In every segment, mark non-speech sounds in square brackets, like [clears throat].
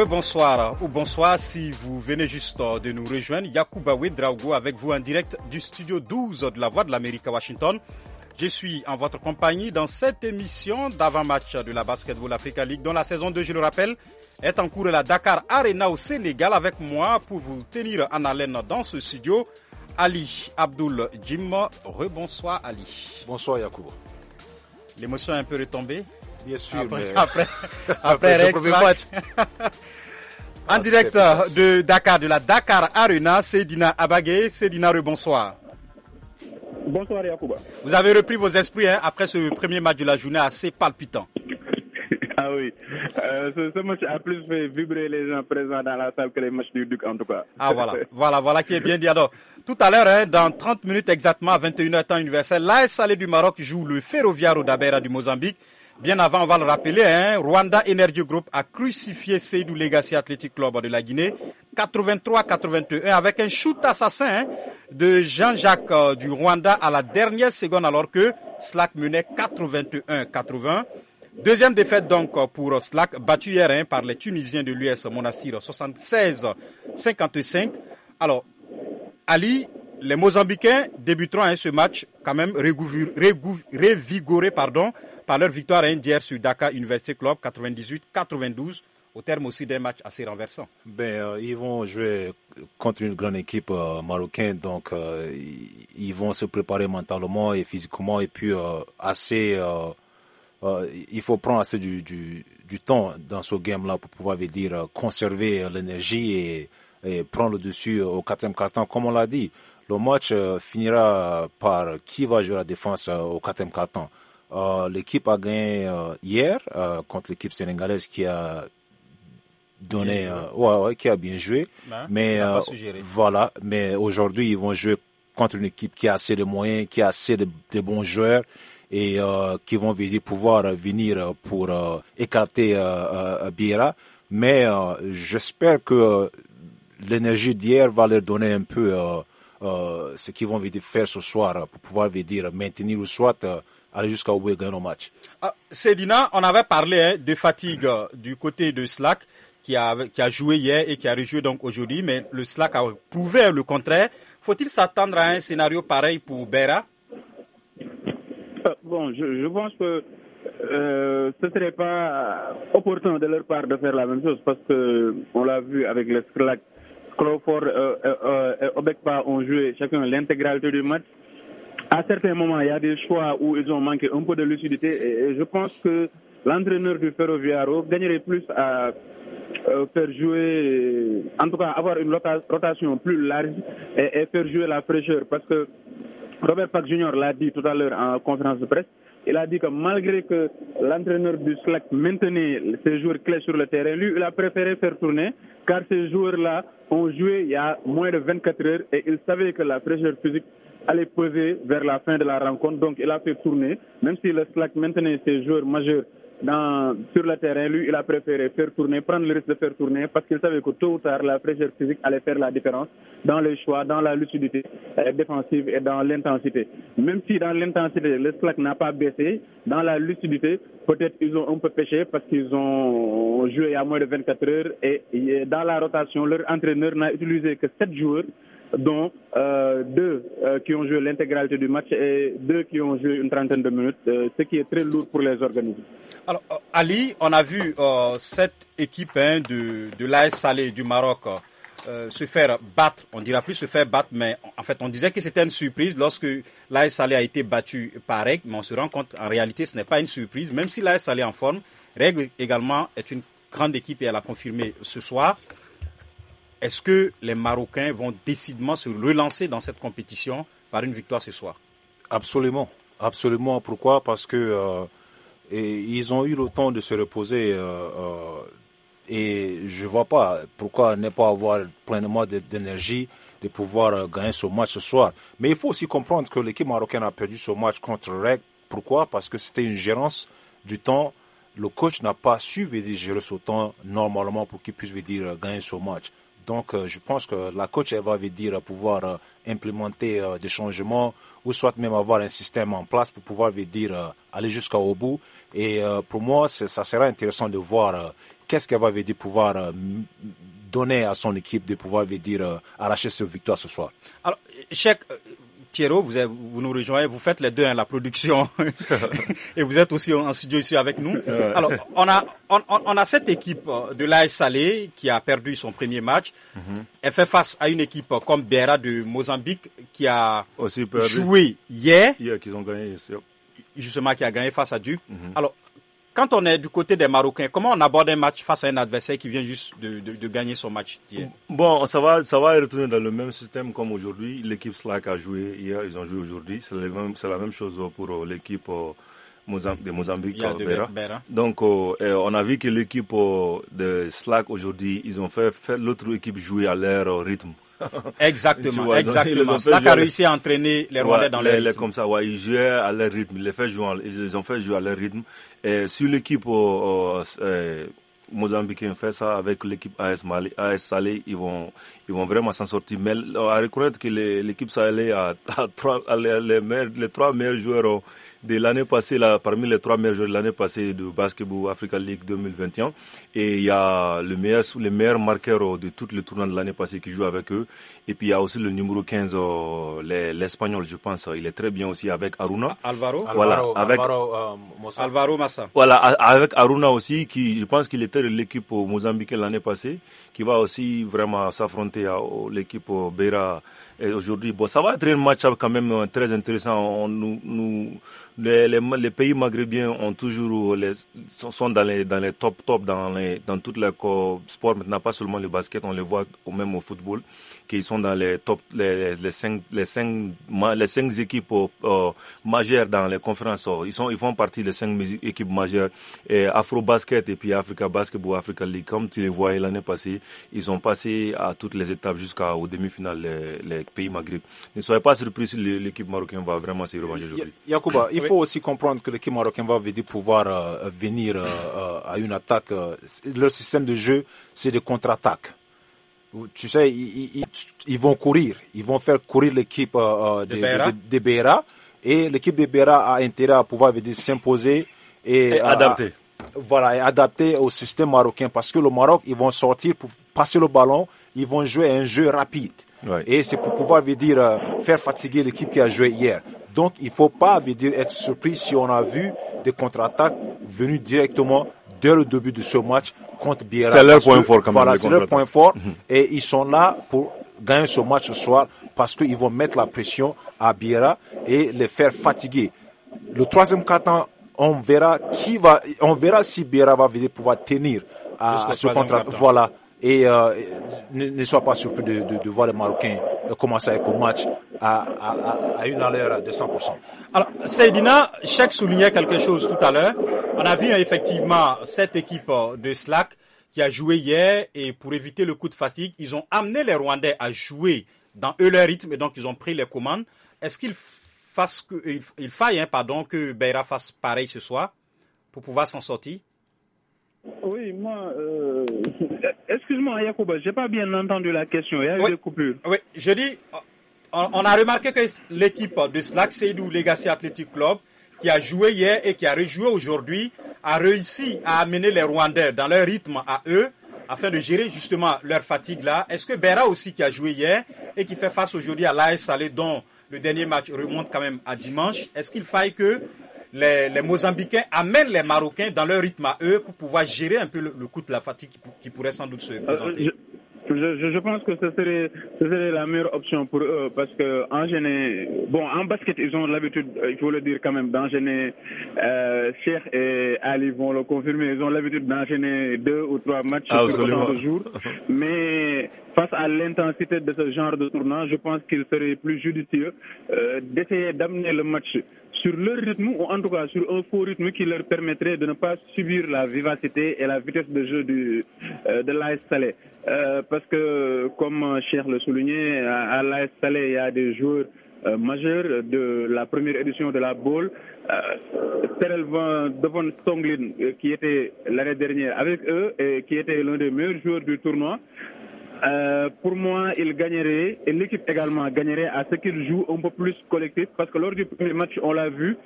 Rebonsoir ou bonsoir si vous venez juste de nous rejoindre. Yacouba Drago avec vous en direct du studio 12 de la Voix de l'Amérique à Washington. Je suis en votre compagnie dans cette émission d'avant-match de la Basketball Africa League dont la saison 2, je le rappelle, est en cours à la Dakar Arena au Sénégal avec moi pour vous tenir en haleine dans ce studio. Ali Abdul Jim, rebonsoir Ali. Bonsoir Yacouba. L'émotion est un peu retombée Bien sûr. Après, après, [laughs] match. [laughs] en ah, direct de Dakar, de la Dakar Arena, Dina Abagé. Dina, bonsoir. Bonsoir Yacouba. Vous avez repris vos esprits hein, après ce premier match de la journée assez palpitant. [laughs] Ah oui, euh, ce, match a plus fait vibrer les gens présents dans la salle que les matchs du Duc en tout cas. Ah voilà, voilà, voilà qui est bien dit. Alors, tout à l'heure, hein, dans 30 minutes exactement, à 21h temps universel, l'AS Salé du Maroc joue le au d'Abera du Mozambique. Bien avant, on va le rappeler, hein, Rwanda Energy Group a crucifié Seydou Legacy Athletic Club de la Guinée 83-81 avec un shoot assassin hein, de Jean-Jacques euh, du Rwanda à la dernière seconde alors que Slack menait 81-80. Deuxième défaite donc euh, pour Slack, battu hier hein, par les Tunisiens de l'US Monastir 76-55. Alors, Ali, les Mozambicains débuteront ce match quand même révigoré pardon, par leur victoire à sur Dakar University Club 98-92 au terme aussi d'un match assez renversant. Ben, euh, ils vont jouer contre une grande équipe euh, marocaine, donc euh, ils vont se préparer mentalement et physiquement, et puis assez, il faut prendre assez du, du, temps dans ce game-là pour pouvoir dire, conserver l'énergie et, prendre le dessus au quatrième quart-temps, comme on l'a dit. Le match finira par qui va jouer la défense au quatrième quart-temps. Euh, l'équipe a gagné euh, hier euh, contre l'équipe sénégalaise qui a donné, qui a bien joué. Hein? mais voilà, mais aujourd'hui ils vont jouer contre une équipe qui a assez de moyens, qui a assez de, bons joueurs et qui vont pouvoir venir pour écarter Bira. Mais j'espère que l'énergie d'hier va leur donner un peu ce qu'ils vont faire ce soir pour pouvoir venir maintenir ou soit aller jusqu'à au bout et ah, on avait parlé hein, de fatigue euh, du côté de Slack qui a, qui a joué hier et qui a rejoué donc aujourd'hui, mais le Slack a prouvé le contraire. Faut-il s'attendre à un scénario pareil pour Bera euh, Bon, je, pense que euh, ce ne serait pas opportun de leur part de faire la même chose parce que on l'a vu avec le Slack. Crawford et Obekpa ont joué chacun l'intégralité du match à certains moments, il y a des choix où ils ont manqué un peu de lucidité. Et, je pense que l'entraîneur du Ferroviaro gagnerait plus à euh, faire jouer, en tout cas avoir une rotation plus large et, faire jouer la fraîcheur. Parce que Robert Pack Junior l'a dit tout à l'heure en conférence de presse, il a dit que malgré que l'entraîneur du SLAC maintenait ses joueurs clés sur le terrain, lui, il a préféré faire tourner car ces joueurs-là ont joué il y a moins de 24 heures et il savait que la fraîcheur physique allait peser vers la fin de la rencontre. Donc, il a fait tourner, même si le SLAC maintenait ses joueurs majeurs sur le terrain, lui, il a préféré faire tourner, prendre le risque de faire tourner, parce qu'il savait que tôt ou tard, la fraîcheur physique allait faire la différence dans le choix, dans la lucidité euh, défensive et dans l'intensité. Même si dans l'intensité, le slack n'a pas baissé, dans la lucidité, peut-être ils ont un peu pêché parce qu'ils ont joué à moins de 24 heures et, et dans la rotation, leur entraîneur n'a utilisé que 7 joueurs dont euh, deux euh, qui ont joué l'intégralité du match et deux qui ont joué une trentaine de minutes, euh, ce qui est très lourd pour les organismes. Alors, Ali, on a vu cette équipe hein, de, de l'AS Salé du Maroc. se faire battre, on dira plus se faire battre, mais en fait on disait que c'était une surprise lorsque l'AS Salé a été battue par Reg, mais on se rend compte en réalité ce n'est pas une surprise, même si l'AS Salé en forme, Reg également est une grande équipe et elle a confirmé ce soir. Est-ce que les Marocains vont décidément se relancer dans cette compétition par une victoire ce soir Absolument. Absolument. Pourquoi Parce que euh, ils ont eu le temps de se reposer. Euh, euh, et je vois pas pourquoi ne pas avoir pleinement d'énergie de pouvoir gagner ce match ce soir. Mais il faut aussi comprendre que l'équipe marocaine a perdu ce match contre REC. Pourquoi Parce que c'était une gérance du temps. Le coach n'a pas su gérer ce temps normalement pour qu'il puisse dire gagner ce match. Donc, euh, je pense que la coach, elle va veut dire euh, pouvoir euh, implémenter des changements ou soit même avoir un système en place pour pouvoir veut dire aller jusqu'au bout. Et pour moi, ça sera intéressant de voir qu'est-ce qu'elle va veut dire pouvoir donner à son équipe de pouvoir veut dire arracher cette victoire ce soir. Alors, chaque Thierry, vous, vous, nous rejoignez, vous faites les deux, hein, la production, [laughs] et vous êtes aussi en studio ici avec nous. Alors, on a, on, a cette équipe euh, de l'AS Salé qui a perdu son premier match. Mhm. Elle fait face à une équipe euh, comme Beira de Mozambique qui a joué hier. Hier, qu'ils ont gagné, justement, qui a gagné face à Duke. Mhm. Alors, quand on est du côté des Marocains, comment on aborde un match face à un adversaire qui vient juste de, gagner son match hier Bon, ça va, ça va retourner dans le même système comme aujourd'hui. L'équipe Slack a joué hier, ils ont joué aujourd'hui. C'est la même chose pour euh, l'équipe euh, de Mozambique, Bera. Donc, euh, on a vu que l'équipe de Slack aujourd'hui, ils ont fait, fait l'autre équipe jouer à leur rythme. [laughs] Exactement, exactement. C'est là qu'a réussi à entraîner les Rwandais dans les, Comme ça, ils jouaient à leur rythme, ils les, ont fait jouer à leur rythme. Et sur l'équipe euh, Mozambicain fait ça avec l'équipe AS, Mali, Salé, ils vont, ils vont vraiment s'en sortir. Mais à reconnaître que l'équipe Salé [laughs] a, les, les, trois meilleurs joueurs de l'année passée, là, parmi les trois meilleurs joueurs de l'année passée de Basketball Africa League 2021. Et il y a le meilleur, euh, les meilleurs marqueurs de tout les tournoi de l'année passée qui joue avec eux. Et puis il y a aussi le numéro 15, euh, l'Espagnol, je pense. Il est très bien aussi avec Aruna. Alvaro Voilà. Alvaro, avec, euh, Massa. Voilà, avec Aruna aussi, qui je pense qu'il était de l'équipe Mozambique l'année passée, qui va aussi vraiment s'affronter à l'équipe Beira aujourd'hui. Bon, ça va être un match quand même très intéressant. On, nous, nous les, les, les, pays maghrébiens ont toujours les, sont dans les, dans les top top dans les, dans toutes les sports maintenant pas seulement le basket on les voit même au football qu'ils sont dans les top les, les cinq les cinq les cinq équipes euh, majeures dans les conférences oh, ils sont ils font partie des cinq équipes majeures et Afro Basket et puis Africa Basket ou Africa League comme tu les voyais l'année passée ils ont passé à toutes les étapes au demi-finale les, pays maghrébins ne soyez pas surpris si l'équipe marocaine va vraiment se revancher aujourd'hui [clears throat] il faut aussi comprendre que l'équipe marocaine va pouvoir euh, venir euh, euh, à une attaque. leur système de jeu, c'est de contre-attaque. Tu sais, ils, vont courir. Ils vont faire courir l'équipe de, de, Et l'équipe de Beira a intérêt à pouvoir s'imposer et, adapter. Voilà, et adapter au système marocain. Parce que le Maroc, ils vont sortir pour passer le ballon. Ils vont jouer un jeu rapide. Et c'est pour pouvoir dire, faire fatiguer l'équipe qui a joué hier. Donc il ne faut pas dire, être surpris si on a vu des contre-attaques venues directement dès le début de ce match contre Biera. C'est leur point fort quand voilà, c'est leur point fort. Et ils sont là pour gagner ce match ce soir parce qu'ils vont mettre la pression à Biera et les faire fatiguer. Le troisième quart-temps, on verra qui va, on verra si Biera va venir pouvoir tenir à, ce contrat. Voilà. Et euh, ne, ne, sois pas surpris de, voir les Marocains euh, commencer avec le match à, à une allure de 100%. Alors, Seydina, chaque soulignait quelque chose tout à l'heure. On a vu hein, effectivement cette équipe euh, de Slack qui a joué hier et pour éviter le coup de fatigue, ils ont amené les Rwandais à jouer dans eux leur rythme et donc ils ont pris les commandes. Est-ce qu'il il, faille hein, pardon, que Beira fasse pareil ce soir pour pouvoir s'en sortir Oui, moi, euh, excuse-moi, Yacouba, j'ai pas bien entendu la question. Il y a eu oui, Oui, je dis, on, a remarqué que l'équipe de Slack Seydou Legacy Athletic Club, qui a joué hier et qui a rejoué aujourd'hui, a réussi à amener les Rwandais dans leur rythme à eux afin de gérer justement leur fatigue là. Est-ce que Bera aussi qui a joué hier et qui fait face aujourd'hui à l'AS Salé dont le dernier match remonte quand même à dimanche, est-ce qu'il faille que les, les, Mozambicains amènent les Marocains dans leur rythme à eux pour pouvoir gérer un peu le, le coût de la fatigue qui, pourrait sans doute se euh, présenter je... Je, pense que ce serait, serait, la meilleure option pour eux parce que en bon, en basket, ils ont l'habitude, euh, il faut le dire quand même, d'enchaîner. Euh, Cher et Ali vont le confirmer, ils ont l'habitude d'enchaîner deux ou trois matchs sur deux jours. Mais face à l'intensité de ce genre de tournant, je pense qu'il serait plus judicieux euh, d'essayer d'amener le match sur leur rythme ou en tout cas sur un faux rythme qui leur permettrait de ne pas subir la vivacité et la vitesse de jeu du, euh, de l'AS Salé. Euh, parce que, comme Cher le soulignait, à, à l'AS Salé, il y a des joueurs euh, majeurs de la première édition de la Bowl. Terrell Devon Stonglin, qui était l'année dernière avec eux et qui était l'un des meilleurs joueurs du tournoi, euh, pour moi, il gagnerait et l'équipe également gagnerait à ce qu'il joue un peu plus collectif parce que lors du premier match, on l'a vu,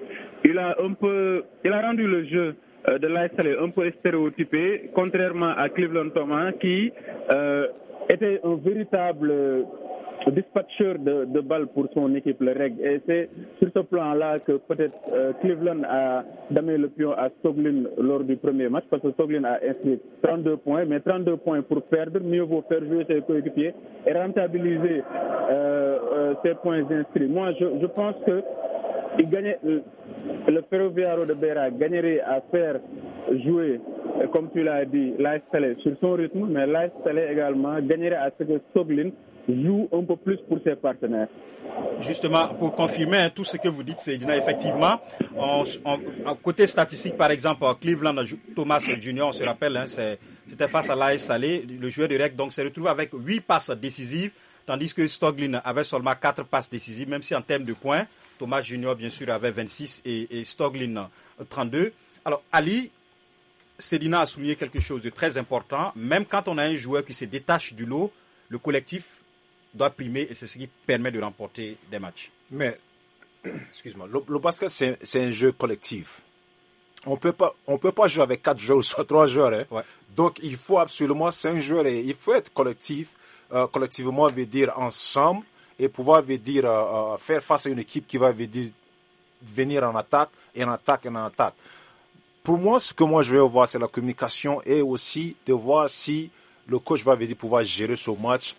il a un peu, il a rendu le jeu euh, de l'ASL un peu stéréotypé, contrairement à Cleveland Thomas qui euh, était un véritable dispatcheur de, de balles pour son équipe, le REG. Et c'est sur ce plan-là que peut-être euh, Cleveland a damé le pion à Soglin lors du premier match, parce que Soglin a inscrit 32 points, mais 32 points pour perdre, mieux vaut faire jouer ses coéquipiers et rentabiliser euh, euh, ses points inscrits. Moi, je, pense que le Ferroviaro de Bera gagnerait à faire jouer, comme tu l'as dit, Salé sur son rythme, mais Salé également gagnerait à ce que Soglin nous un peu plus pour ses partenaires. Justement, pour confirmer hein, tout ce que vous dites, Sedina, effectivement, côté statistique, par exemple, Cleveland, Thomas Junior, on se rappelle, hein, c'était face à l'AS Salé, le joueur de REC, donc s'est retrouve avec huit passes décisives, tandis que Stoglin avait seulement quatre passes décisives, même si en termes de points, Thomas Junior, bien sûr, avait 26 et, et Stoglin 32. Euh, Alors, Ali, Sedina a souligné quelque chose de très important. Même quand on a un joueur qui se détache du lot, le collectif doit primer et c'est ce qui permet de remporter des matchs. Mais, [clears throat] excuse-moi, le, basket, c'est un jeu collectif. On peut pas, on peut pas jouer avec quatre joueurs ou trois joueurs. Hein. Donc, il faut absolument cinq joueurs. Et il faut être collectif. Euh, collectivement, veut dire ensemble et pouvoir veut dire euh, euh, faire face à une équipe qui va venir en attaque et en attaque et en attaque. Pour moi, ce que moi je vais voir, c'est la communication et aussi de voir si le coach va venir pouvoir gérer ce match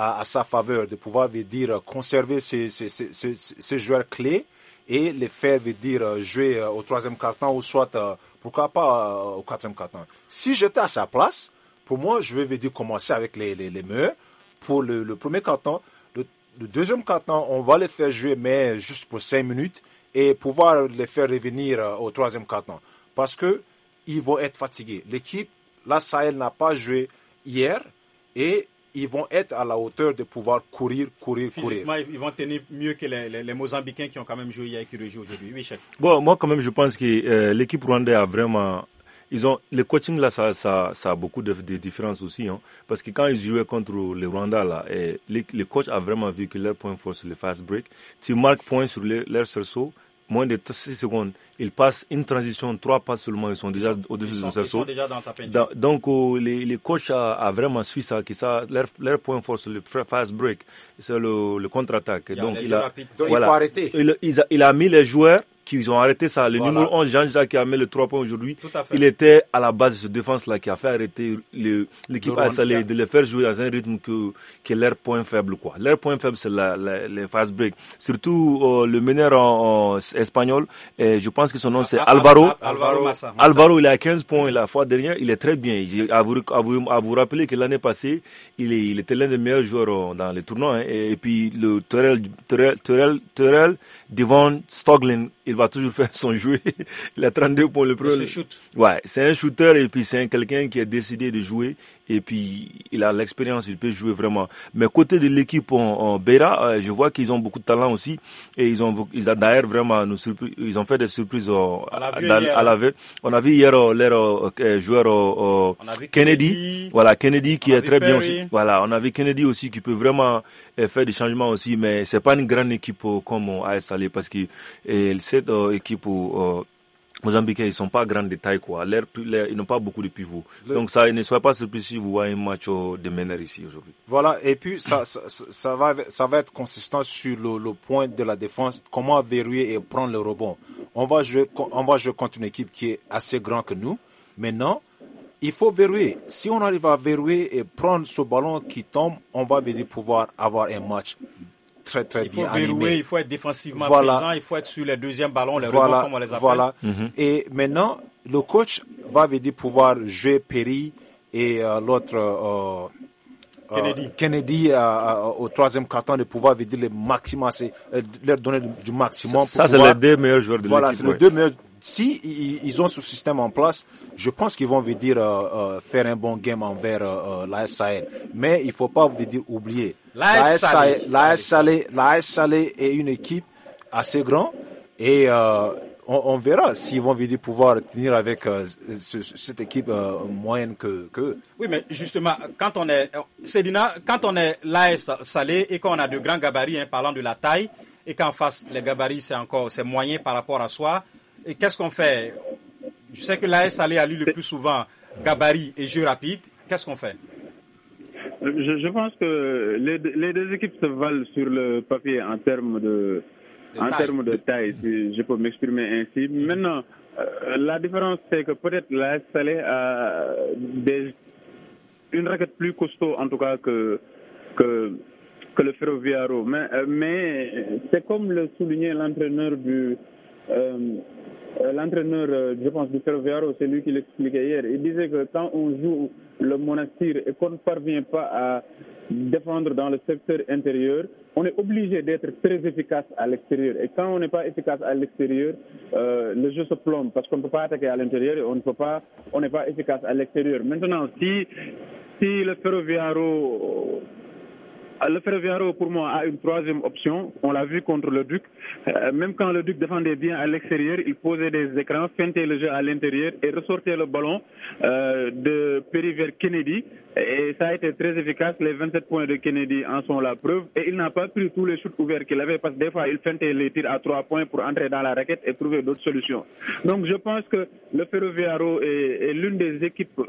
à, sa faveur, de pouvoir veut dire conserver ces, joueurs clés et les faire veut dire jouer euh, au troisième carton ou soit euh, pourquoi pas euh, au quatrième carton. Si j'étais à sa place, pour moi, je vais dire commencer avec les, les, meilleurs pour le, premier carton. Le, le, deuxième carton, on va les faire jouer, mais juste pour cinq minutes et pouvoir les faire revenir au troisième carton parce que ils vont être fatigués. L'équipe, la Sahel n'a pas joué hier et ils vont être à la hauteur de pouvoir courir, courir, courir. Ils vont tenir mieux que les, les, qui ont quand même joué hier et qui rejouent aujourd'hui. Bon, moi, quand même, je pense que euh, l'équipe rwandaise a vraiment. Ils ont, le coaching là, ça, ça, a beaucoup de, différence différences aussi, hein, parce que quand ils jouaient contre le Rwanda là, et le, coach a vraiment vu que leur point fort sur le fast break, tu marques point sur leur sursaut, moins de 6 secondes, ils passent une transition, trois pas seulement, ils sont déjà au-dessus de saut. Donc, euh, les, les, coachs a vraiment su ça, qui ça, leur, point fort, c'est le fast break, c'est le, contre-attaque. Donc, il il a mis les joueurs ils ont arrêté ça. Le numéro 11, Jean-Jacques, qui a mis le 3 points aujourd'hui, il était à la base de cette défense-là qui a fait arrêter l'équipe de les faire jouer dans un rythme que, que leur point faible. quoi. Leur point faible, c'est la, les fast break. Surtout euh, le meneur en, espagnol, et je pense que son nom c'est Alvaro. Ah, Alvaro, ah, il a 15 points la fois dernière, il est très bien. À vous, à vous, vous rappeler que l'année passée, il, il était l'un des meilleurs joueurs euh, dans les tournois. Hein. Et, puis le Terrell, devant Stoglin, va toujours faire son jeu, Il a 32 points le premier. shoot. Ouais, c'est un shooter et puis c'est quelqu'un qui a décidé de jouer et puis il a l'expérience, il peut jouer vraiment. Mais côté de l'équipe en, en euh, je vois qu'ils ont beaucoup de talent aussi et ils ont ils ont d'ailleurs vraiment nous ils ont fait des surprises à la On a vu hier euh, leur euh, joueur Kennedy. voilà Kennedy qui est très bien aussi. Voilà, on a vu Kennedy aussi qui peut vraiment faire des changements aussi, mais c'est pas une grande équipe comme AS Salé parce que cette équipe Mozambique, ils sont pas grands de taille, quoi. L'air, ils n'ont pas beaucoup de pivots. Donc ça, ne soyez pas surpris si vous voyez un match euh, de meneur ici aujourd'hui. Voilà. Et puis, ça, ça, va, ça va être consistant sur le, point de la défense. Comment verrouiller et prendre le rebond. On va jouer, on va jouer contre une équipe qui est assez grande que nous. Maintenant, il faut verrouiller. Si on arrive à verrouiller et prendre ce ballon qui tombe, on va pouvoir avoir un match très Il faut être défensivement présent, il faut être sur les deuxièmes ballons, les voilà. rebonds comme on les appelle. Mhm. Et maintenant, le coach va venir pouvoir jouer Perry et euh, l'autre euh, euh, Kennedy, au troisième carton de pouvoir venir le maximum, leur donner du maximum. Ça, c'est les deux meilleurs joueurs de l'équipe. Voilà, c'est les deux meilleurs si ils ont ce système en place, je pense qu'ils vont venir faire un bon game envers la SAL. Mais il ne faut pas oublier L'AS Salé. est une équipe assez grande et euh, on, verra s'ils vont venir pouvoir tenir avec euh, cette équipe euh, moyenne que, que, Oui, mais justement, quand on est quand on est l'AS Salé et qu'on a de grands gabarits, hein, parlant de la taille, et qu'en face les gabarits c'est encore c'est moyen par rapport à soi, et qu'est-ce qu'on fait Je sais que l'AS Salé a lu le plus souvent gabarit et jeu rapide. Qu'est-ce qu'on fait je, pense que les, deux équipes se valent sur le papier en termes de, en taille. termes de taille, si je peux m'exprimer ainsi. Maintenant, euh, la différence, c'est que peut-être la Salé a des, une raquette plus costaud, en tout cas, que, que, que le Ferroviaro. Mais, euh, mais c'est comme le soulignait l'entraîneur du. Euh, euh, l'entraîneur, euh, je pense, du Ferroviaro, c'est lui qui l'expliquait hier. Il disait que quand on joue le monastir et qu'on ne parvient pas à défendre dans le secteur intérieur, on est obligé d'être très efficace à l'extérieur. Et quand on n'est pas efficace à l'extérieur, euh, le jeu se plombe parce qu'on ne peut pas attaquer à l'intérieur et on ne peut pas, on n'est pas efficace à l'extérieur. Maintenant, si, si le Ferroviaro le Ferroviaro, pour moi, a une troisième option. On l'a vu contre le Duc. Euh, même quand le Duc défendait bien à l'extérieur, il posait des écrans, feintait le jeu à l'intérieur et ressortait le ballon euh, de Perry vers Kennedy. Et ça a été très efficace. Les 27 points de Kennedy en sont la preuve. Et il n'a pas pris tous les shoots ouverts qu'il avait parce que des fois, il feintait les tirs à trois points pour entrer dans la raquette et trouver d'autres solutions. Donc, je pense que le Ferroviaro est l'une des équipes euh,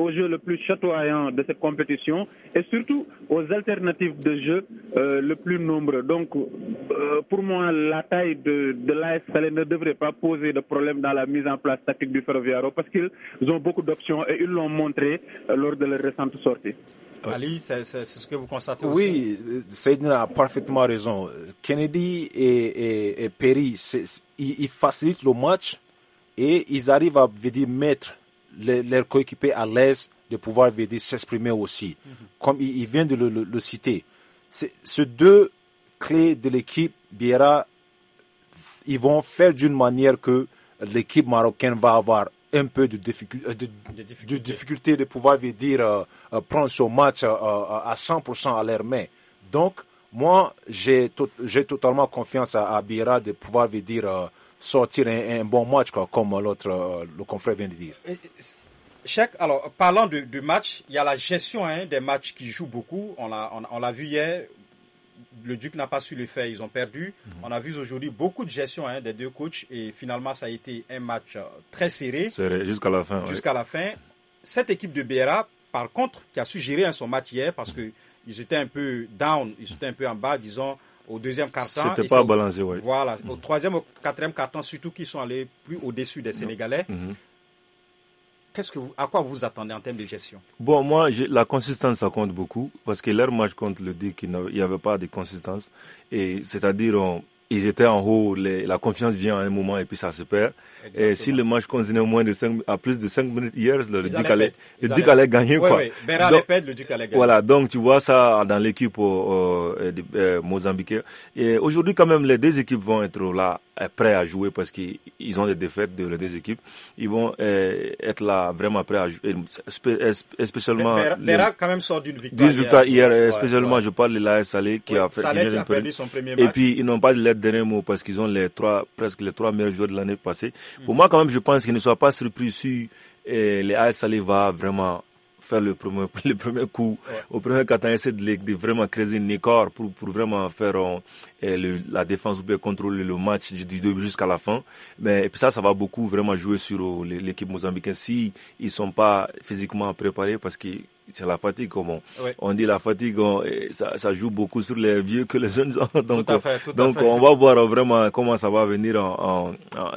au jeu le plus chatoyant de cette compétition et surtout aux alternatives de jeu euh, le plus nombreux. Donc, euh, pour moi, la taille de, de l'AS ne devrait pas poser de problème dans la mise en place tactique du Ferroviaro parce qu'ils ont beaucoup d'options et ils l'ont montré euh, lors de leur récente sortie. Ali, c'est ce que vous constatez Oui, Seydina a parfaitement raison. Kennedy et, et, Perry, ils, facilitent le match et ils arrivent à dire, mettre les, leurs coéquipiers à l'aise de pouvoir venir s'exprimer aussi. Comme il, vient de le, citer, ces deux clés de l'équipe Biera, ils vont faire d'une manière que l'équipe marocaine va avoir un peu de, difficulté euh, de, difficulté. de, pouvoir dire euh, euh, prendre son match à 100% à l'air main. Donc, moi, j'ai totalement confiance à, bira de pouvoir dire sortir un, bon match, comme l'autre, le confrère vient de dire. Cheikh, alors parlant de match, il y a la gestion hein, des matchs qui jouent beaucoup. On l'a on, on vu hier, le Duc n'a pas su le faire, ils ont perdu. Mhm. On a vu aujourd'hui beaucoup de gestion hein, des deux coachs et finalement ça a été un match euh, très serré. Serré jusqu'à la fin. Jusqu'à la fin. Cette équipe de Béra, par contre, qui a su gérer hein, son match hier parce qu'ils étaient un peu down, ils étaient un peu en bas, disons, au deuxième carton. C'était pas balancé, oui. Voilà, au mhm. troisième, au quatrième carton, surtout qu'ils sont allés plus au-dessus des Sénégalais. Mhm qu'est-ce que à quoi vous attendez en termes de gestion Bon, moi, la consistance, ça compte beaucoup, parce que leur match compte le dit qu'il n'y avait pas de consistance. Et c'est-à-dire, ils étaient en haut, la confiance vient à un moment et puis ça se perd. Et si le match continue moins de 5, à plus de 5 minutes hier, le ils Duc allait, le Duc allait gagner. le Duc allait gagner. Voilà, donc tu vois ça dans l'équipe euh, euh, euh mozambicaine. Et aujourd'hui quand même, les deux équipes vont être là euh, prêts à jouer parce qu'ils ont des défaites de les deux équipes. Ils vont être là vraiment prêts à jouer, spécialement. Bera, quand même sort d'une victoire. D'une victoire hier, spécialement je parle de l'AS Salé qui a fait Salé perdu son premier match. Et puis ils n'ont pas de l'aide dernier mot parce qu'ils ont les trois, presque les trois meilleurs joueurs de l'année passée. Pour mhm. moi, quand même, je pense qu'ils ne soient pas surpris si eh, les AS va vraiment faire le premier, [laughs] le premier coup au premier quart essayer de, de, vraiment créer une écart pour, pour vraiment faire euh, eh, la défense bien contrôler le match du début jusqu'à la fin. Mais ça, ça va beaucoup vraiment jouer sur euh, l'équipe mozambicaine si ils sont pas physiquement préparés parce que c'est la fatigue, comment on, dit la fatigue, ça, joue beaucoup sur les vieux que les jeunes Donc, donc on va voir vraiment comment ça va venir en,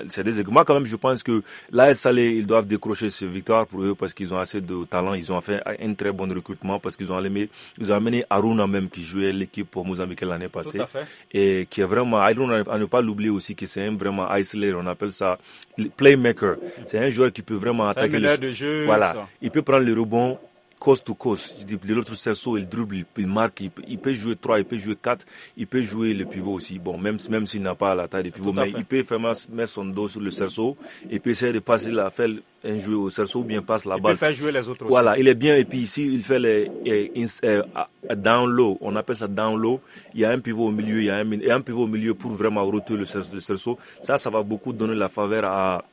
c'est des Moi, quand même, je pense que là, Salé, ils doivent décrocher cette victoire pour eux parce qu'ils ont assez de talent. Ils ont fait un très bon recrutement parce qu'ils ont amené, ils ont amené Aruna même qui jouait l'équipe pour Mozambique l'année passée. Et qui est vraiment, Aruna, à ne pas l'oublier aussi, que c'est un vraiment isolated, on appelle ça playmaker. C'est un joueur qui peut vraiment attaquer le jeu. Voilà. Il peut prendre le rebond, cause to cause. l'autre cerceau, il dribble, il marque, il, peut jouer 3, il peut jouer 4, il peut jouer le pivot aussi. Bon, même, même s'il n'a pas la taille de pivot, mais il peut faire mettre son dos sur le cerceau et peut essayer de passer la, faire un jeu au cerceau ou bien passe la balle. Il peut faire jouer les autres Voilà, il est bien. Et puis ici, il fait les, les, euh, down low. On appelle ça down low. Il y a un pivot au milieu, il y a un, un pivot au milieu pour vraiment router le cerceau. Ça, ça va beaucoup donner la faveur à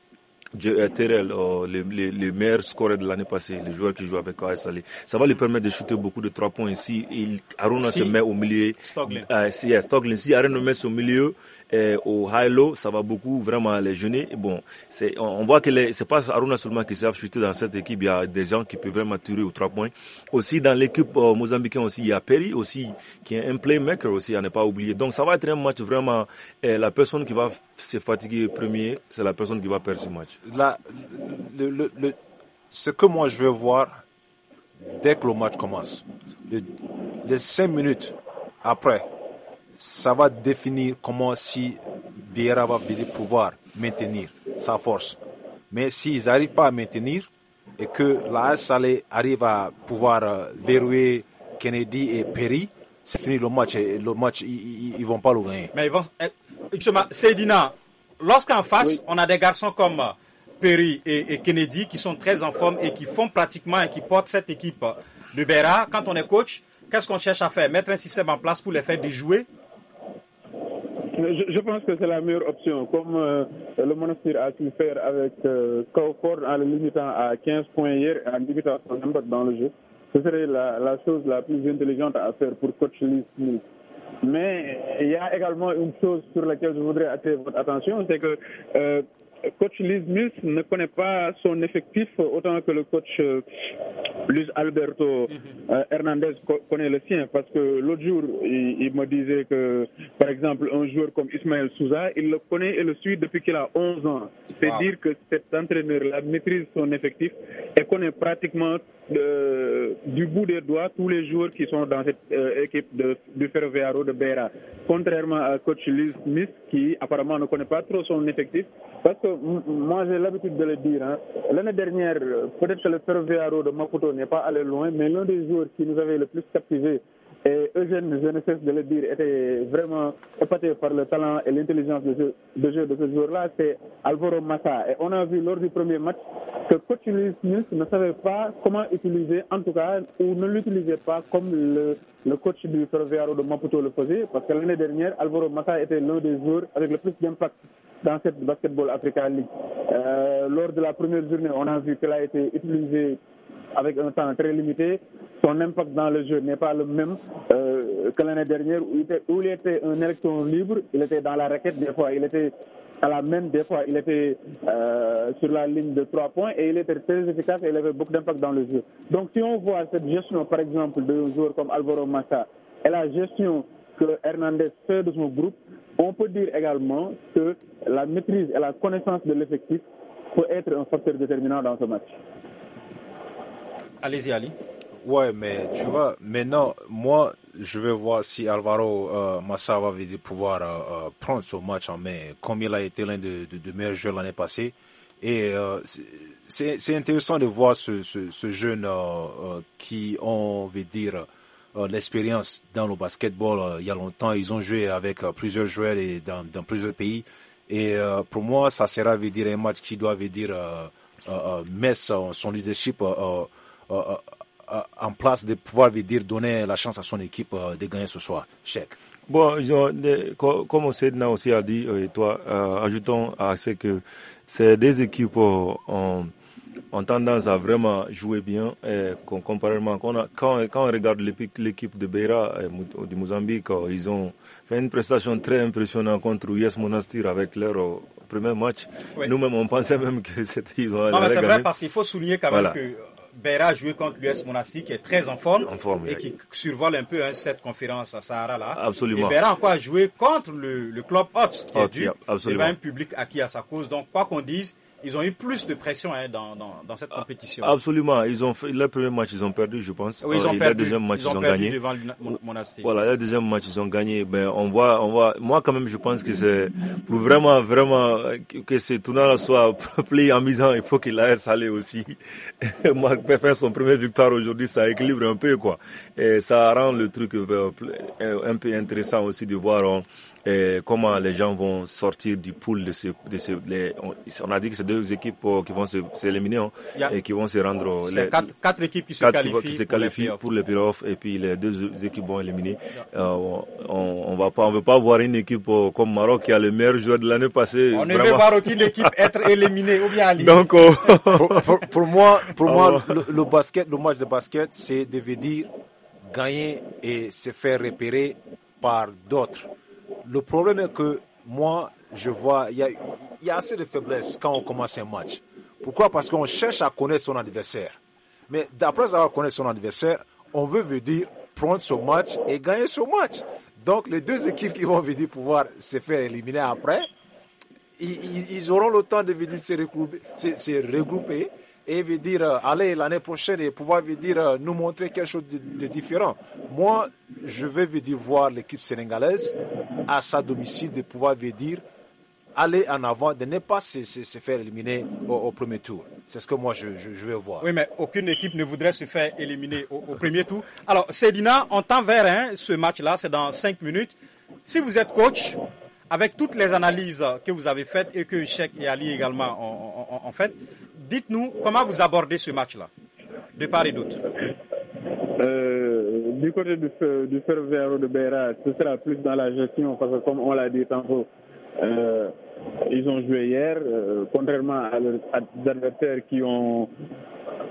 Terrell, oh, le, le, meilleur de l'année passée, les joueurs qui jouent avec Kawhi Salé. Ça va lui permettre de shooter beaucoup de trois points ici. Il, Aruna se met au milieu. Stoglin. Uh, ah, si, yeah, Stoglin. Si met au milieu, euh, eh, high-low, ça va beaucoup vraiment les jeûner. Bon, c'est, on, voit que ce c'est pas Aruna seulement qui s'est affûté dans cette équipe. Il y a des gens qui peuvent vraiment tirer aux trois points. Aussi dans l'équipe euh, mozambicaine aussi, il y a Perry aussi qui est un playmaker aussi, à ne pas oublier. Donc ça va être un match vraiment. Eh, la personne qui va se fatiguer premier, c'est la personne qui va perdre ce match. ce que moi je veux voir dès que le match commence, les cinq minutes après ça va définir comment si va pouvoir maintenir sa force. Mais s'ils n'arrivent pas à maintenir et que la Salé arrive à pouvoir euh, verrouiller Kennedy et Perry, c'est fini le match. Et le match, ils ne vont pas le gagner. Mais ils eh, lorsqu'en face, on a des garçons comme euh, Perry et, Kennedy qui sont très en forme et qui font pratiquement et qui portent cette équipe euh, de Béra, quand on est coach, qu'est-ce qu'on cherche à faire Mettre un système en place pour les faire déjouer euh, je, pense que c'est la meilleure option, comme euh, le monastère a pu faire avec euh, en le limitant à 15 points hier et en limitant son impact dans le jeu. Ce serait la, chose la plus intelligente à faire pour coach Lee Smith. Mais il y a également une chose sur laquelle je voudrais attirer votre attention, c'est que euh, coach Liz Mills ne connaît pas son effectif autant que le coach euh, Luis Alberto mhm. euh, Hernandez connaît le sien. Parce que l'autre jour, il, me disait que, par exemple, un joueur comme Ismaël Souza, il le connaît et le suit depuis qu'il a 11 ans. C'est dire que cet entraîneur-là maîtrise son effectif et connaît pratiquement du bout des doigts tous les joueurs qui sont dans cette euh, équipe de, du Ferroviaro de Beira. Contrairement à coach Liz Smith, qui apparemment ne connaît pas trop son effectif, parce que moi j'ai l'habitude de le dire, hein. l'année dernière, euh, peut-être que le Ferroviaro de Maputo n'est pas allé loin, mais l'un des joueurs qui nous avait le plus captivé et Eugène, je ne cesse de le dire, était vraiment épaté par le talent et l'intelligence de jeu de, jeu de ce jour là c'est Alvaro Mata. Et on a vu lors du premier match que coach Luis ne savait pas comment utiliser, en tout cas, ou ne l'utilisait pas comme le, coach du Ferroviaro de Maputo le faisait, parce que l'année dernière, Alvaro Mata était l'un des joueurs avec le plus d'impact dans cette Basketball Africa League. Euh, lors de la première journée, on a vu qu'elle a été utilisé avec un temps très limité, son impact dans le jeu n'est pas le même euh, que l'année dernière où il, était, un électron libre, il était dans la raquette des fois, il était à la même des fois, il était euh, sur la ligne de trois points et il était très efficace et il avait beaucoup d'impact dans le jeu. Donc si on voit cette gestion par exemple de joueurs comme Alvaro Massa et la gestion que Hernandez fait de son groupe, on peut dire également que la maîtrise et la connaissance de l'effectif peut être un facteur déterminant dans ce match. Allez-y, Ali. Ouais, mais tu vois, maintenant, moi, je veux voir si Alvaro euh, Massa va pouvoir euh, euh, prendre ce match en main, comme il a été l'un des meilleurs joueurs l'année passée. Et c'est intéressant de voir ce, jeune qui, on veut dire, l'expérience dans le basketball il y a longtemps. Ils ont joué avec plusieurs joueurs et dans, plusieurs pays. Et pour moi, ça sera veut dire, un match qui doit veut dire, mettre son leadership euh, euh, en place de pouvoir lui dire donner la chance à son équipe euh, de gagner ce soir chèque Bon, comme Sedna aussi a dit, toi, ajoutons à ce que ces deux équipes ont, tendance à vraiment jouer bien. Et, comparément, quand on, quand, on regarde l'équipe de Beira du Mozambique, ils ont fait une prestation très impressionnante contre Yes Monastir avec leur premier match. Nous-mêmes, on pensait même que c'était c'est vrai parce qu'il faut souligner quand même que a joué contre l'US Monastique qui est très en forme, et qui survole un peu hein, cette conférence à Sahara là. Absolument. Et encore contre le, le club Hot qui est un public acquis à sa cause. Donc quoi qu'on dise, ils ont eu plus de pression hein, dans, dans, dans, cette ah, compétition. Absolument. Ils ont fait, leur premier match, ils ont perdu, je pense. Oui, ils euh, ont deuxième match, ils ont, gagné. Devant voilà, leur deuxième match, ils ont gagné. Ben, on voit, on voit. Moi, quand même, je pense que c'est pour vraiment, vraiment que ce tournoi soit [laughs] play amusant, il faut qu'il laisse salé aussi. [laughs] Moi, faire son premier victoire aujourd'hui, ça équilibre un peu, quoi. Et ça rend le truc euh, euh, un peu intéressant aussi de voir. Hein, et comment les gens vont sortir du pool de ce, de on, a dit que c'est deux équipes euh, qui vont s'éliminer hein, et qui vont se rendre euh, les, quatre, quatre, équipes qui se qualifient, qui se qualifient pour les playoffs et puis les deux équipes vont éliminer euh, on, on va pas on veut pas voir une équipe comme Maroc qui a le meilleur joueur de l'année passée on ne veut voir aucune équipe être [laughs] éliminée ou bien donc [laughs] pour, moi pour moi le, basket le match de basket c'est de dire gagner et se faire repérer par d'autres le problème est que moi, je vois, il y, a, assez de faiblesses quand on commence un match. Pourquoi Parce qu'on cherche à connaître son adversaire. Mais d'après avoir connu son adversaire, on veut veut dire prendre son match et gagner son match. Donc les deux équipes qui vont venir pouvoir se faire éliminer après, ils, auront le temps de venir se regrouper, et veut dire euh, allez l'année prochaine et pouvoir veut dire euh, nous montrer quelque chose de, différent. Moi, je vais venir voir l'équipe sénégalaise à sa domicile de pouvoir dire aller en avant, de ne pas se, faire éliminer au, premier tour. C'est ce que moi je, je, veux voir. Oui, mais aucune équipe ne voudrait se faire éliminer au, premier tour. Alors, Sedina, on tend vers un, hein, ce match-là, c'est dans cinq minutes. Si vous êtes coach, avec toutes les analyses que vous avez faites et que Cheikh et Ali également ont, ont, faites, dites-nous comment vous abordez ce match-là, de part et d'autre. Euh, du côté du, du de Beira, ce sera plus dans la gestion, parce que comme on l'a dit tantôt, euh, ils ont joué hier, euh, contrairement à leurs adversaires qui ont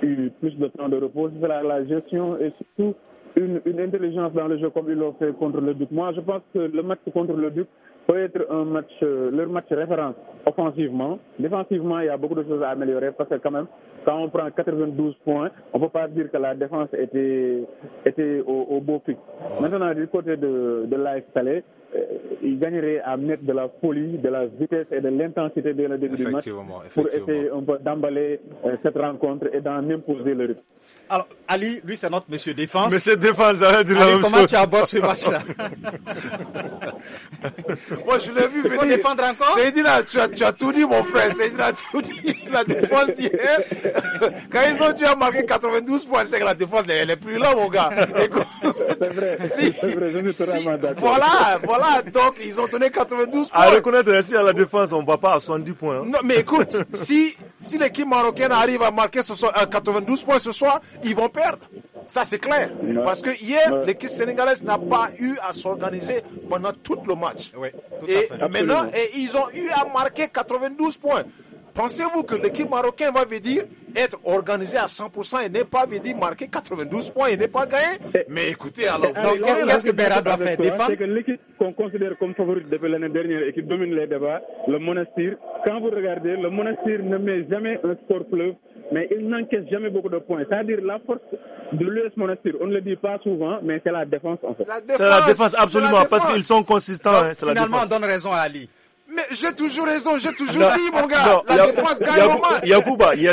eu plus de temps de repos, ce sera la gestion et surtout une, intelligence dans le jeu comme ils l'ont fait contre le Duc. Moi, je pense que le match contre le Duc peut être un match, euh, leur match référence offensivement. Défensivement, il y a beaucoup de choses à améliorer parce que quand même, quand on prend 92 points, on ne peut pas dire que la défense était, était au, beau fixe Maintenant, du côté de, de l'AF euh, ils gagneraient à mettre de la folie, de la vitesse et de l'intensité dès le début match pour essayer d'emballer euh, cette rencontre et d'en imposer le rythme. Alors, Ali, lui, c'est notre monsieur défense. Monsieur défense, j'avais dire Ali, comment tu abordes ce match-là [laughs] Moi, je l'ai vu venir. défendre encore Seydina, tu as, tu as tout dit, mon frère. Seydina, tu as tout dit. La défense d'hier, [laughs] quand ils ont dû marquer 92 points, c'est que la défense, elle est plus là, mon gars. [laughs] C'est vrai. c'est vrai je voilà, voilà donc ils ont donné 92 points. À reconnaître ainsi à la défense, on ne va pas à 70 points. Hein. Non, mais écoute, [laughs] si, si l'équipe marocaine arrive à marquer ce 92 euh, points ce soir, ils vont perdre. Ça, c'est clair. Parce que hier, l'équipe sénégalaise n'a pas eu à s'organiser pendant tout le match. et maintenant, et ils ont eu à marquer 92 points. Pensez-vous que l'équipe marocaine va venir être organisée à 100% et n'est pas venir marquer 92 points et n'est pas gagné Mais écoutez, alors qu'est-ce que Béra doit faire C'est que l'équipe qu'on considère comme favorite depuis l'année dernière et qui domine les débats, le Monastir, quand vous regardez, le Monastir ne met jamais un score fleuve, mais il n'encaisse jamais beaucoup de points. C'est-à-dire la force de l'US Monastir, on ne le dit pas souvent, mais c'est la défense en fait. C'est la défense, absolument, parce qu'ils sont consistants. Hein, finalement, on donne raison à Ali. Mais j'ai toujours raison, j'ai toujours dit, mon gars, non, la défense gagne au match. Yacouba, y hein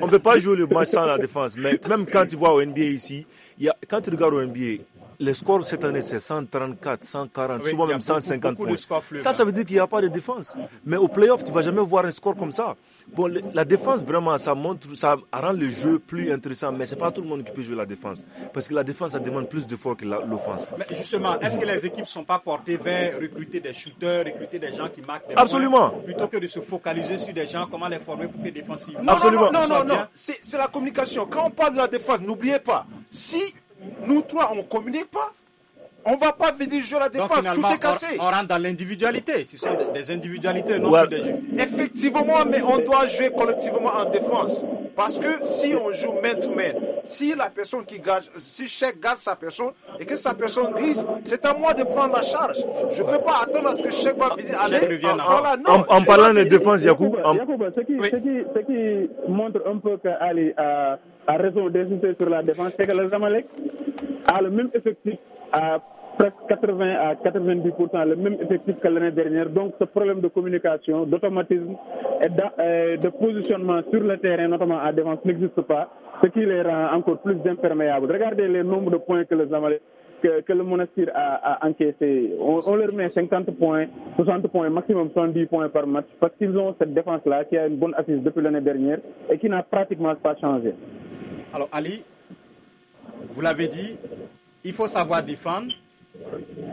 on ne peut pas jouer le match sans la défense. Mais même quand tu vois au NBA ici, y a, quand tu regardes au NBA, les scores cette année, c'est 134, 140, souvent même 150 points. Ça, ça hein. veut dire qu'il n'y a pas de défense. Mais au playoff, tu vas jamais voir un score comme ça. Bon, la défense, vraiment, ça montre, ça rend le jeu plus intéressant. Mais c'est pas tout le monde qui peut jouer la défense. Parce que la défense, ça demande plus d'efforts que l'offense. Mais justement, est-ce que les équipes ne sont pas portées vers recruter des shooters, recruter des gens qui marquent des Absolument. plutôt que de se focaliser sur des gens, comment les former pour qu'ils défensivement. Non, Absolument. non, non, non, non. C'est la communication. Quand on parle de la défense, n'oubliez pas, si nous trois, on ne communique pas. On va pas venir jouer la défense, tout est cassé. On, rentre dans l'individualité, ce sont des, individualités, non des jeux. Effectivement, mais on doit jouer collectivement en défense. Parce que si on joue main-to-main, si la personne qui garde, si chèque garde sa personne et que sa personne dise, c'est à moi de prendre la charge. Je ne peux pas attendre à ce que Cheikh va venir. Ah, en, parlant de défense, Yacoub, ce, qui, montre un peu qu'Ali a, a raison d'insister sur la défense, c'est que le Zamalek a le même effectif à presque 80 à 90% le même effectif que l'année dernière. Donc ce problème de communication, d'automatisme et de positionnement sur le terrain, notamment à défense, n'existe pas ce qui les rend encore plus imperméables. Regardez le nombre de points que, que, le Monastir a, encaissé. On, leur met 50 points, 60 points, maximum 70 points par match, parce qu'ils ont cette défense-là qui a une bonne assise depuis l'année dernière et qui n'a pratiquement pas changé. Alors Ali, vous l'avez dit, il faut savoir défendre,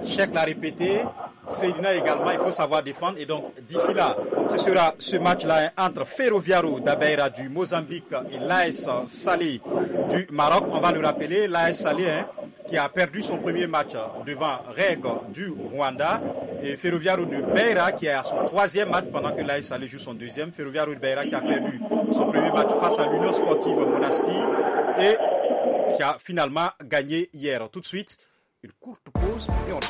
Cheikh l'a répété, Seydina également, il faut savoir défendre. Et donc, d'ici là, ce sera ce match-là entre Ferroviaro d'Abeira du Mozambique et l'AS Salé du Maroc. On va le rappeler, l'AS Salé hein, qui a perdu son premier match devant Reg du Rwanda. Et Ferroviaro de Beira qui est à son troisième match pendant que l'AS Salé joue son deuxième. Ferroviaro de Beira qui a perdu son premier match face à l'Union sportive Monasti et qui a finalement gagné hier. Tout de suite, une courte pause et on